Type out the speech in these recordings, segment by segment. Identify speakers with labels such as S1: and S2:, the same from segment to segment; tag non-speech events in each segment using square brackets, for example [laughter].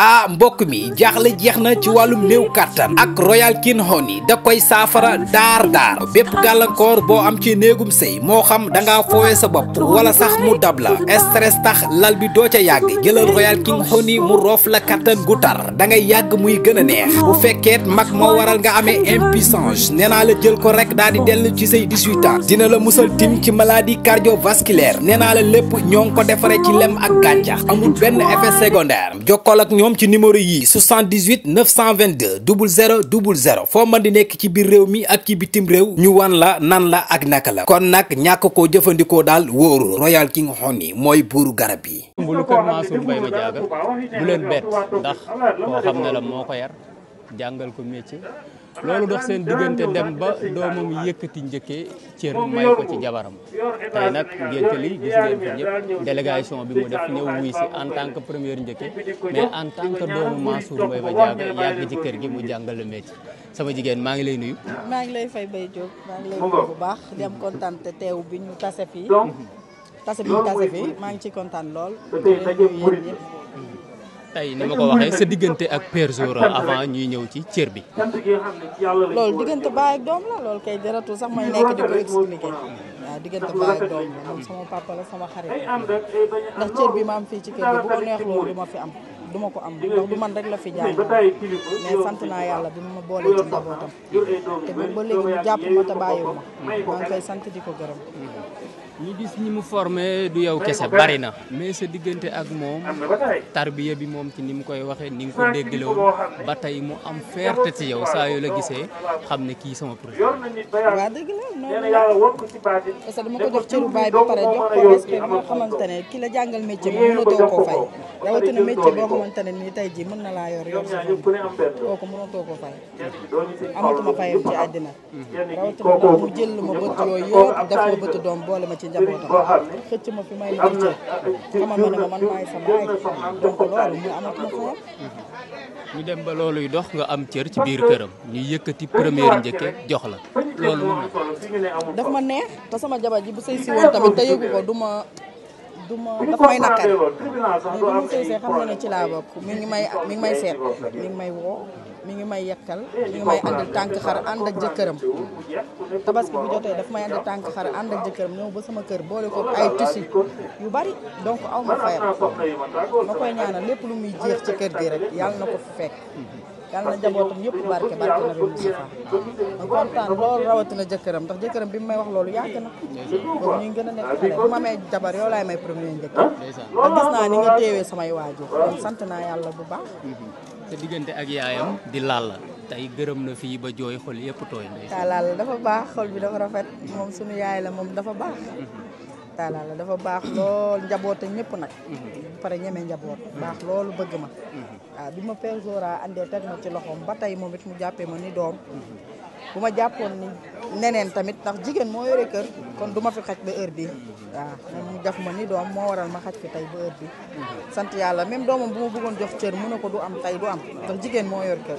S1: ah mbokk mi jaaxle jeex na ci wàllum néew kàttan ak royal king honey da koy saafara daar daar bépp gàllankoor boo am ci néegum sëy moo xam danga ngaa sa bopp wala sax mu dab la stress tax lal bi doo ca yàgg jëlal royal king honey mu roof la kàttan gu tar da ngay yàgg muy gën a neex bu fekkeet mag moo waral nga amee impuissance nee naa la jël ko rek daal di dell ci say 18 ans dina la musal tim ci maladie cardiovasculaire nee naa la lépp ñoo ngi ko defaree ci lem ak gàncax amul benn effet secondaire
S2: jokkool moom ci numéro yii 78 922 00 00 foo mën di nekk ci biir réew mi ak ci bitim réew ñu wan la nan la ak naka la kon nag ñàkk koo jëfandikoo daal wóoru
S1: Royal King Honey mooy buuru garab yi.
S2: mbulu kër bu leen bett ndax koo xam ne la moo ko yar jàngal ko métier. loolu dox seen diggante dem ba doomam yëkkati njëkkee cër may ko ci jabaram tey nag ngénte li gis ngeen ko bi mu def ñëw wuy si en tant que première njëkke mais en tant que doomu Mansour Mbaye ba jaaga yàgg ci kër gi mu jàngal le sama jigéen maa ngi lay nuyu
S1: maa ngi lay fay Baye Diop maa ngi lay nuyu bu baax di am te teew bi ñu tase fii
S2: tase bi ñu tase fii
S1: maa ngi ci kontaan lool di leen nuyu yéen
S2: tey ni ma ko waxee sa diggante ak Père Zora avant ñuy ñëw ci cër bi. loolu
S1: diggante baay ak doom la loolu kay jaratul sax may nekk di ko expliqué waaw diggante baay ak doom la man sama papa la sama xarit ndax cër bi ma am fii ci kër gi bu ko neex loolu ma fi am. duma ko am ndax du man rek la fi jàmm mais sant naa yàlla bi ma boolee ci njabootam te ba jàpp ma te bàyyiwu ma maa ngi koy sant di ko gërëm
S2: ñi gis ñi mu formé du yow kese bari na mais sa diggante ak moom tarbiya bi moom ci ni mu koy waxee ni nga ko déggloo ba tey mu am fierté ci yow saa yoo la gisee xam ne kii sama projet. waaw dëgg la noonu la parce que dama ko jox cëru baay ba pare jox ko respect moo xamante
S1: ne ki la jàngal métier bi mënatoo koo fay boo xamante ne tey jii mën na laa yor yor sa bopp kooku mënatoo koo fay amatuma fayam ci àddina rawatina mu jël ma bët yooyu yëpp def ma doom boole ma ci njabootam xëcc ma fi may liggéey xamal ma ne ma man maay sa baay donc loolu ñu amat ma fayam
S2: ñu dem ba looluy dox nga am cër ci biir këram ñu yëkkati première njëkke jox la loolu
S1: daf ma neex te sama jabar ji bu sëy si woon tamit te yëgu ko du ma du ma may naqari mais ma sëy mi ngi may mi seet mi ngi may woo mi ngi may yekkal mi ngi may andil tànk xar ànd ak jëkkëram tabaski bu jotee daf may andil tànk xar ànd ak jëkkëram ñëw ba sama kër boole ko ay tissu yu bari donc aw ma fayam ma koy ñaanal lépp lu muy jeex ci kër gi rek yàlla na ko fi fekk yàlla na njabootam ñëpp barke barke na bi Moustapha ma kontaan loolu rawatina jëkkëram ndax jëkkëram bi mu may wax loolu yàgg na boobu ñu ngi gën a nekk xale bu ma may jabar yow laay may premier njëkk ndax gis ni nga teewee samay waajur sant naa yàlla bu baax
S2: sa diggante ak yaayam di Lalla tey gërëm na fii ba jooy xol yëpp tooy taa
S1: dafa baax xol bi dafa rafet moom sunu yaay la moom dafa baax mm-hmm. taa dafa baax lool njaboota ñëpp nag mm-hmm. pare ñeme njaboot baax loolu bëgg ma waaw mm-hmm. ah, bi ma Père Zora andee teg ma ci loxoom ba tey moom it mu jàppee ma ni doom bu ma jàppoon ni neneen tamit ndax jigéen moo yore kër kon du ma fi xaj ba heure bi waaw mu def ma ni doom moo waral ma xaj fi tey ba heure sant yàlla même doomam bu ma bëggoon jox cër mu ne ko du am tey du am ndax jigéen moo yor kër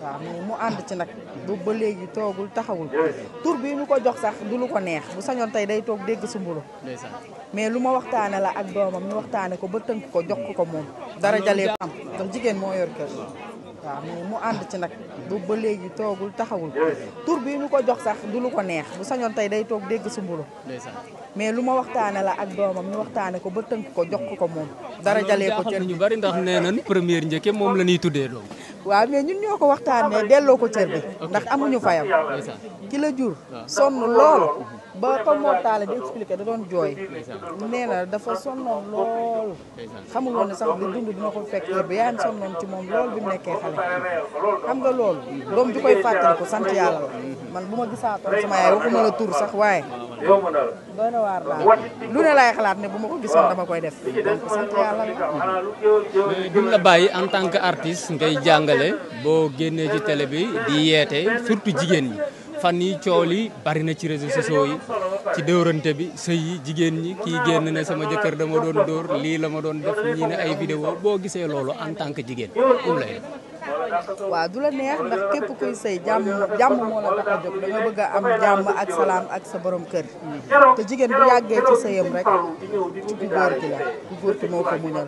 S1: waaw mu ànd ci nag bu ba léegi toogul taxawul tur bi ñu ko jox sax du ko neex bu sañoon tey day toog dégg sumbulu mais lu ma waxtaane la ak doomam ñu waxtaane ko ba tënk ko jox ko ko moom dara jalee am ndax jigéen moo yor kër waaw mais mu ànd ci nag bu ba léegi toogul taxawul tur bi ñu ko jox sax du lu ko neex bu sañoon tey day toog dégg sumbulu mais lu ma waxtaane la ak doomam ñu waxtaane ko ba tënk ko jox ko moom dara jalee ko cër ñu
S2: bari ndax nee nañ première njëkke moom la ñuy tuddee doom
S1: waaw mais ñun ñoo ko waxtaanee delloo ko cër bi ndax amuñu fayam ki la jur sonn lool ba comme moo taale di expliqué da doon jooy nee na dafa sonnoon lool xamul woon ne sax di dund dina ko fekk ba yaayam sonnoon ci moom lool bi mu nekkee xale xam nga loolu doom ju koy fàttaliku sant yàlla la man bu ma gisaatoon sama yaay waxuma la tur sax waaye
S2: doy na waar daal lu
S1: ne laay xalaat ne bu ma ko gisoon dama koy def donc
S2: sant yàlla la duñ la bàyyi en tant que artiste ngay jàngale boo génnee ci télé bi di yeete surtout jigéen yi fan yi coow li bari na ci réseaux sociaux yi ci dóorante bi sëy yi jigéen ñi kii génn ne sama jëkkër dama doon dóor lii la ma doon def ñii ne ay vidéo boo gisee loolu en tant que jigéen um lay
S1: waaw du la neex ndax képp kuy sëy jàmm jàmm moo la tax a jóg da bëgg am jàmm ak salaam ak sa borom kër te jigéen bu yàggee ci sëyam rek ci ku góor ki la ku góor ki moo ko muñal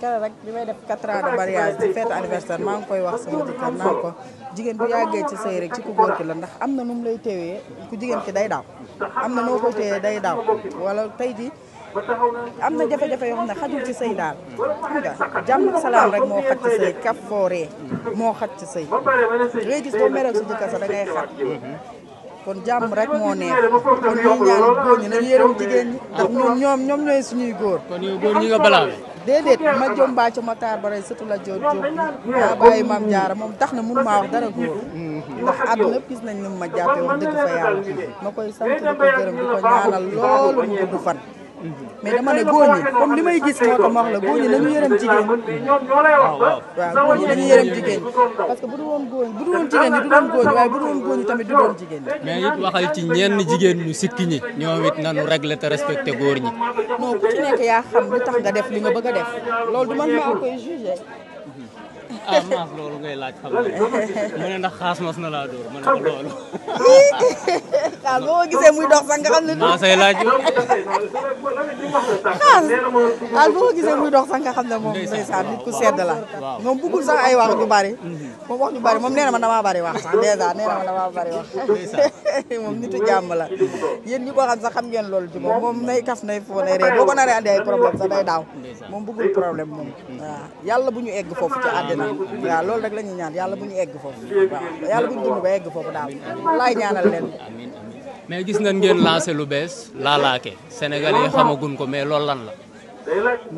S1: kere rek bi may def 4 ans de mariage ci fête anniversaire maa ngi koy wax sama jëkkër naan ko jigéen bu yàggee ci sëy rek ci ku góor ki la ndax am na nu mu lay téewee ku jigéen ki day daaw am na noo ko téewee day daaw wala tey ji am na jafe-jafe yoo xam ne xajul ci sëy daal
S2: nga jàmm salaam rek moo xaj ci sëy
S1: kaf moo xaj ci sëy ngay gis boo meree sa jëkkër sa da ngay kon jàmm rek moo neex kon ñuy ñaan góor ñu nañu yërëm jigéen ñi ndax ñun ñoom ñooy suñuy góor kon yow góor nga balaawe déedéet ma jom baa ci ma taar bare surtout la jor jób maa bàyyi maam jaara moom tax na mun maa wax dara góor
S2: ndax àdduna yëpp
S1: gis nañ ni ma jàppee wax dëgg fa yàlla ma koy sant di ko gërëm di ko ñaanal mais dama ne góor ñi comme li may gis moo tax ma wax la góor parce que bu du woon góor bu du woon jigéen ñi du doon góor ñi waaye bu du woon góor ñi tamit du doon jigéen
S2: ñi ci ñenn jigéen ñu sikki ñi ñoom it nanu régler te respecté góor ñi
S1: non ku ci nekk yaa nga def li nga bëgg a def loolu du man maa koy
S2: ah maas loolu ngay laaj xam nga mu ne ndax xaas mas na laa dóor ma ne ko loolu.
S1: xaas [laughs] ah, boo ko gisee muy dox sax nga xam ne. maa say laaj. xaas xaas ah, boo ko gisee muy dox sax nga xam ne moom ndeysaan nit ku sedd la. waaw moom bëggul sax ay wax ju bari. Mhm. moom wax ju bari moom nee na ma damaa bari wax sax dèjà nee na ma damaa bari wax. [laughs] moom nitu jàmm la yéen ñi ko xam sax xam ngeen loolu ci moom moom nay kaf nay foo nay ree boo ko naree andi ay problème sax day daaw moom bëggul problème moom waaw yàlla bu ñu egg foofu ci àddina waaw loolu rek la ñuy ñaan yàlla bu ñu egg foofu waaw yàlla bu ñu dund ba egg foofu daal laay ñaanal leen amiin
S2: amiin mais gis nga ngeen lancé lu bees laalaake Sénégal yi ko mais loolu lan la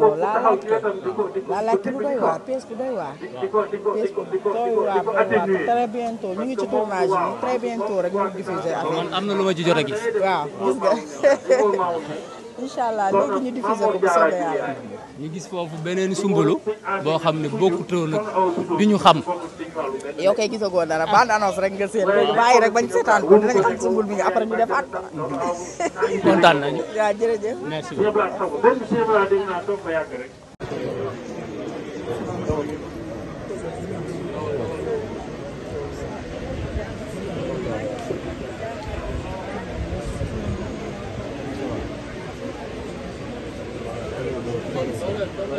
S1: non laalaake laalaake lu doy waar pièce bu doy doy waar vraiment très bientôt
S2: ñu ngi ci tournage bi
S1: très bientôt rek ñu diffusé man
S2: am na lu ma ci jot a [laughs]
S1: incha allah léegi ñu diffusé ko bu soobee yàlla.
S2: ñu gis foofu beneen sumbalu boo xam ne bokkutoo nag bi ñu xam.
S1: yow kay gisagoo dara bande annonce rek nga seet léegi bàyyi rek bañ seetaan ko dinañ xam sumbul bi nga après ñu defaat
S2: ko. kontaan nañu. [laughs] waaw jërëjëf merci beaucoup.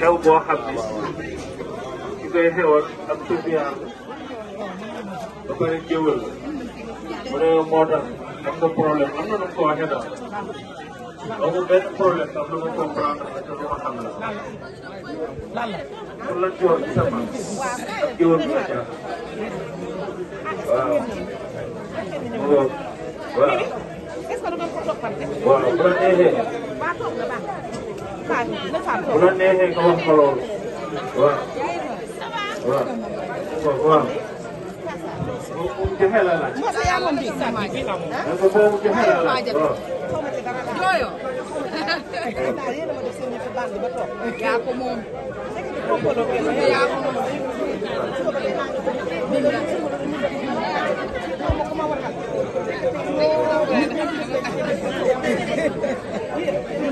S2: xew boo xam ne ki koy xewal ak sufian ba pare jëwal mu ne moo tax am na problème am na nu ko waxee daal donc benn problème am na ma comprendre ak lu ma xam la kon la joor bi sama ak jëwal bi la jaar waaw waaw
S1: waaw bu la neexee bu la neexee nga wax ko loolu waaw
S2: waaw waaw boobu joxe la laaj.
S1: parce que
S2: boobu joxe la laaj
S1: waaw.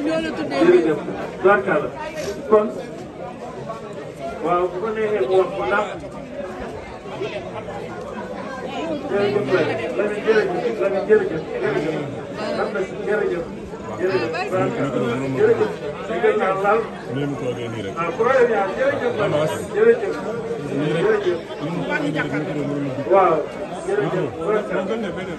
S2: jërëjëf. barkaala kon waaw bu ko neexee mu wax ko ndax jërëjëf la la jërëjëf la jërëjëf jërëjëf am na si jërëjëf jërëjëf barkaala jërëjëf di nga ñaan laal ah problème yaa jërëjëf la jërëjëf jërëjëf waaw jërëjëf barkaala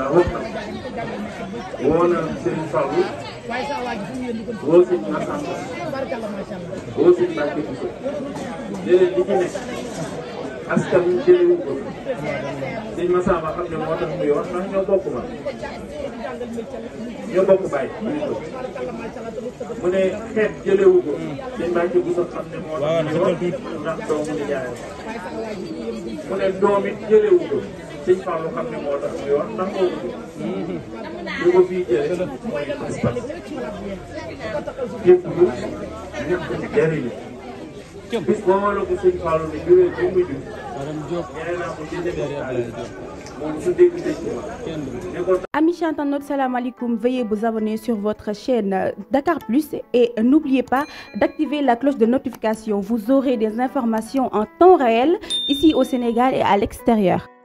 S2: ndax woote na woo na Serigne Fallou
S1: woo sëñ Massamba woo sëñ Mbacke
S2: Bousso léeg-léeg li ci nekk askan wi jëlewu ko sëñ Massamba xam ne moo tax muy wax ndax ñoo bokk ma
S1: ñoo bokk bàyyi mu ne
S2: xeet jëlewu ko sëñ Mbacke Bousso xam ne moo tax muy wax ndax doomu ni jaay
S1: mu ne doom it jëlewu
S2: ko sëñ Fallou xam ne
S1: Veuillez vous abonner sur votre chaîne Dakar Plus et n'oubliez pas d'activer la cloche de notification. Vous aurez des informations en temps réel ici au Sénégal et à l'extérieur.